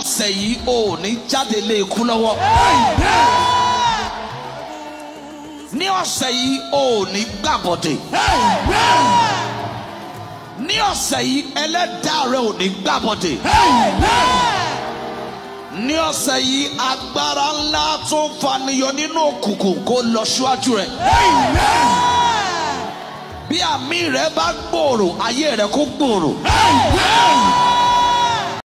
ọ̀sẹ̀ yìí ò ní jáde lé ikú lọ́wọ́. ní ọ̀sẹ̀ yìí ò ní gbàbọ̀dè. ní ọ̀sẹ̀ yìí ẹlẹ́dàá rẹ ò ní gbàbọ̀dè. ní ọ̀sẹ̀ yìí agbára ńlá tó ń faniyọ nínú òkùnkùn kó lọ síwájú rẹ. bí àmì rẹ bá gbòòrò ayé rẹ kó gbòòrò. Amen.